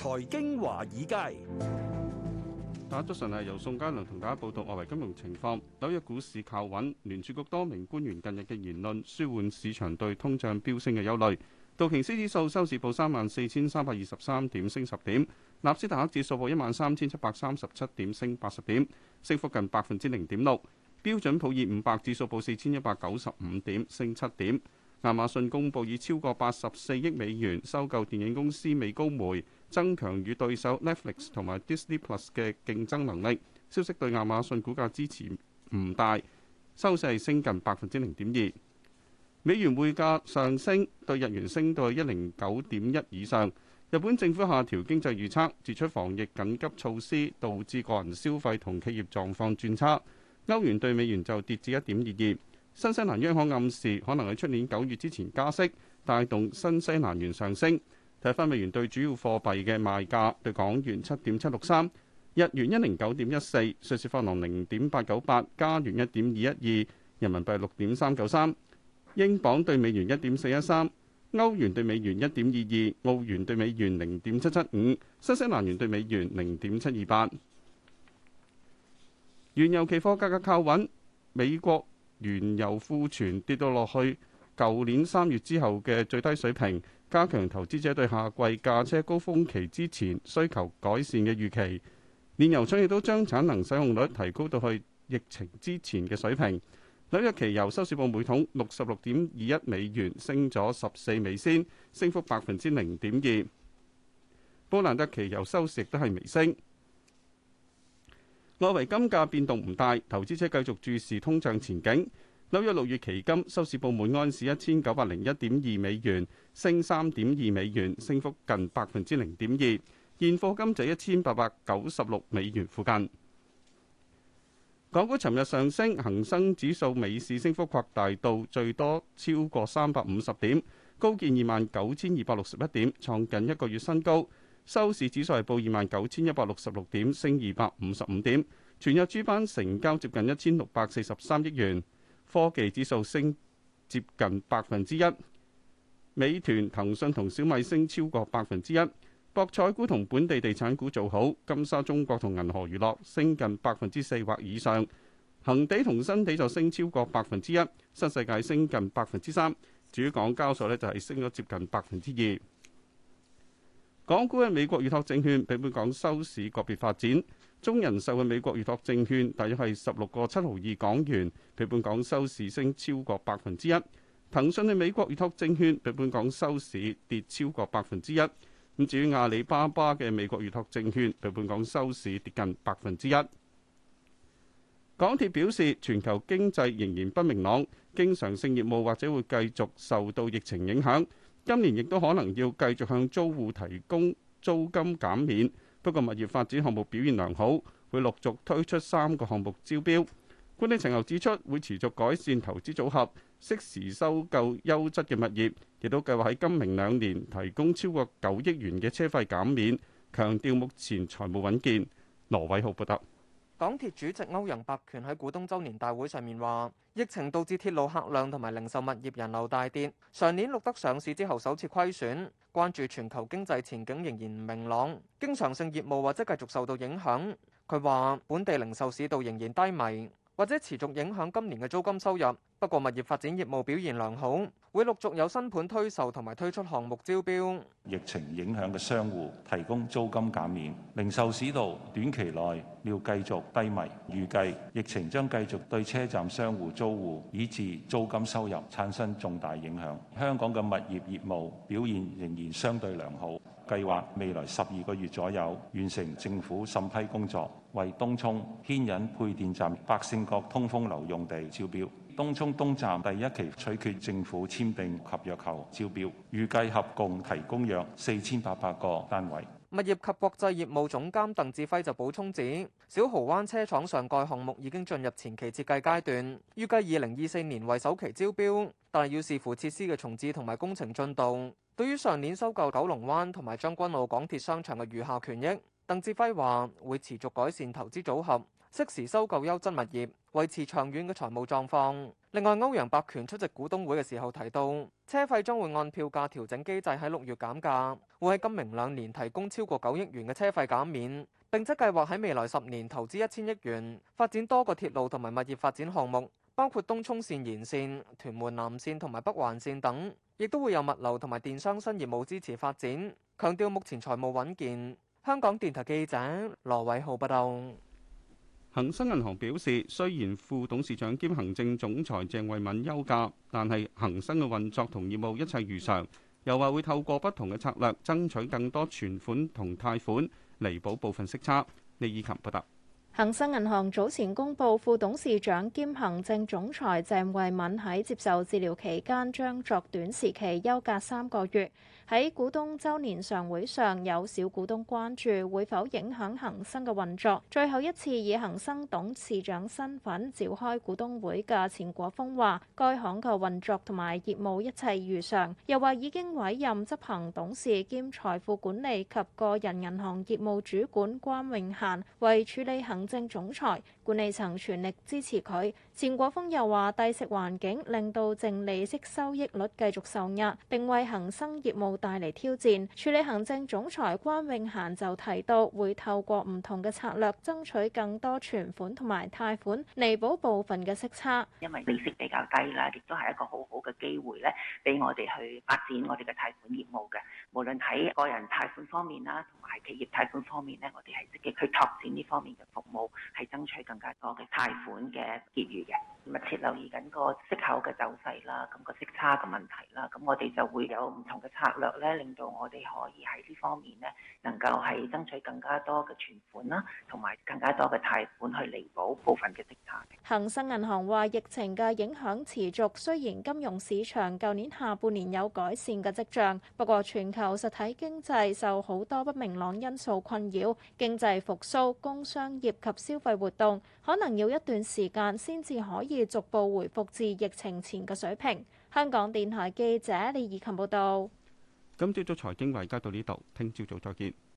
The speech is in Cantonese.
財經華爾街，大家早晨，係由宋嘉良同大家報道外圍金融情況。紐約股市靠穩，聯儲局多名官員近日嘅言論舒緩市場對通脹飆升嘅憂慮。道瓊斯指數收市報三萬四千三百二十三點，升十點；納斯達克指數報一萬三千七百三十七點，升八十點，升幅近百分之零點六。標準普爾五百指數報四千一百九十五點，升七點。亞馬遜公佈以超過八十四億美元收購電影公司美高梅。增強與對手 Netflix 同埋 Disney Plus 嘅競爭能力。消息對亞馬遜股價支持唔大，收市升近百分之零點二。美元匯價上升，對日元升到一零九點一以上。日本政府下調經濟預測，指出防疫緊急措施導致個人消費同企業狀況轉差。歐元對美元就跌至一點二二。新西蘭央行暗示可能喺出年九月之前加息，帶動新西蘭元上升。睇翻美元對主要貨幣嘅賣價，對港元七點七六三，日元一零九點一四，瑞士法郎零點八九八，加元一點二一二，人民幣六點三九三，英鎊對美元一點四一三，歐元對美元一點二二，澳元對美元零點七七五，新西蘭元對美元零點七二八。原油期貨價格靠穩，美國原油庫存跌到落去舊年三月之後嘅最低水平。加強投資者對夏季駕車高峰期之前需求改善嘅預期，煉油商亦都將產能使用率提高到去疫情之前嘅水平。紐約期油收市報每桶六十六點二一美元，升咗十四美仙，升幅百分之零點二。波蘭德期油收市亦都係微升。外圍金價變動唔大，投資者繼續注視通脹前景。紐約六月期金收市報每安士一千九百零一點二美元，升三點二美元，升幅近百分之零點二。現貨金就一千八百九十六美元附近。港股尋日上升，恒生指數尾市升幅擴大到最多超過三百五十點，高見二萬九千二百六十一點，創近一個月新高。收市指數係報二萬九千一百六十六點，升二百五十五點。全日主板成交接近一千六百四十三億元。科技指數升接近百分之一，美團、騰訊同小米升超過百分之一。博彩股同本地地產股做好，金沙中國同銀河娛樂升近百分之四或以上。恒地同新地就升超過百分之一，新世界升近百分之三。至於港交所呢就係、是、升咗接近百分之二。港股嘅美國預託證券比本港收市個別發展。中人壽嘅美國預託證券大約係十六個七毫二港元，比本港收市升超過百分之一。騰訊嘅美國預託證券比本港收市跌超過百分之一。咁至於阿里巴巴嘅美國預託證券比本港收市跌近百分之一。港鐵表示，全球經濟仍然不明朗，經常性業務或者會繼續受到疫情影響，今年亦都可能要繼續向租戶提供租金減免。不過，物業發展項目表現良好，會陸續推出三個項目招標。管理層又指出，會持續改善投資組合，適時收購優質嘅物業，亦都計劃喺今明兩年提供超過九億元嘅車費減免。強調目前財務穩健。羅偉浩報道。港鐵主席歐陽伯權喺股東周年大會上面話：疫情導致鐵路客量同埋零售物業人流大跌，上年錄得上市之後首次虧損。關注全球經濟前景仍然唔明朗，經常性業務或者繼續受到影響。佢話：本地零售市道仍然低迷。或者持續影響今年嘅租金收入。不過，物業發展業務表現良好，會陸續有新盤推售同埋推出項目招標。疫情影響嘅商戶提供租金減免，零售市道短期內要繼續低迷。預計疫情將繼續對車站商戶租戶以至租金收入產生重大影響。香港嘅物業業務表現仍然相對良好。計劃未來十二個月左右完成政府審批工作，為東涌牽引配電站百勝角通風樓用地招標。東涌東站第一期取決政府簽訂合約後招標，預計合共提供約四千八百個單位。物業及國際業務總監鄧志輝就補充指，小蠔灣車廠上蓋項目已經進入前期設計階段，預計二零二四年為首期招標，但係要視乎設施嘅重置同埋工程進度。對於上年收購九龍灣同埋將軍澳港鐵商場嘅餘下權益，鄧志輝話會持續改善投資組合，適時收購優質物業，維持長遠嘅財務狀況。另外，歐陽伯權出席股東會嘅時候提到，車費將會按票價調整機制喺六月減價，會喺今明兩年提供超過九億元嘅車費減免，並且計劃喺未來十年投資一千億元發展多個鐵路同埋物業發展項目。包括東涌線延線、屯門南線同埋北環線等，亦都會有物流同埋電商新業務支持發展，強調目前財務穩健。香港電台記者羅偉浩報道。恒生銀行表示，雖然副董事長兼行政總裁鄭慧敏休假，但係恒生嘅運作同業務一切如常。又話會透過不同嘅策略爭取更多存款同貸款，彌補部分息差。李以琴報道。恒生銀行早前公布，副董事長兼行政總裁鄭慧敏喺接受治療期間將作短時期休假三個月。喺股東周年常會上，有小股東關注會否影響恒生嘅運作。最後一次以恒生董事長身份召開股東會嘅錢果豐話，該行嘅運作同埋業務一切如常，又話已經委任執行董事兼財富管理及個人銀行業務主管關永嫻為處理行。行政總裁。嗯管理層全力支持佢。錢果豐又話：低息環境令到淨利息收益率繼續受壓，並為恒生業務帶嚟挑戰。處理行政總裁關永賢就提到，會透過唔同嘅策略爭取更多存款同埋貸款，彌補部分嘅息差。因為利息比較低啦，亦都係一個好好嘅機會咧，俾我哋去發展我哋嘅貸款業務嘅。無論喺個人貸款方面啦，同埋企業貸款方面咧，我哋係積極去拓展呢方面嘅服務，係爭取更。就係、我嘅貸款嘅結餘嘅。密切留意緊個息口嘅走勢啦，咁個息差嘅問題啦，咁我哋就會有唔同嘅策略咧，令到我哋可以喺呢方面咧，能夠係爭取更加多嘅存款啦，同埋更加多嘅貸款去彌補部分嘅息差。恒生銀行話：疫情嘅影響持續，雖然金融市場舊年下半年有改善嘅跡象，不過全球實體經濟受好多不明朗因素困擾，經濟復甦、工商業及消費活動可能要一段時間先至可以，而逐步回復至疫情前嘅水平。香港電台記者李以琴報道。今朝早財經華爾街到呢度，聽朝早再見。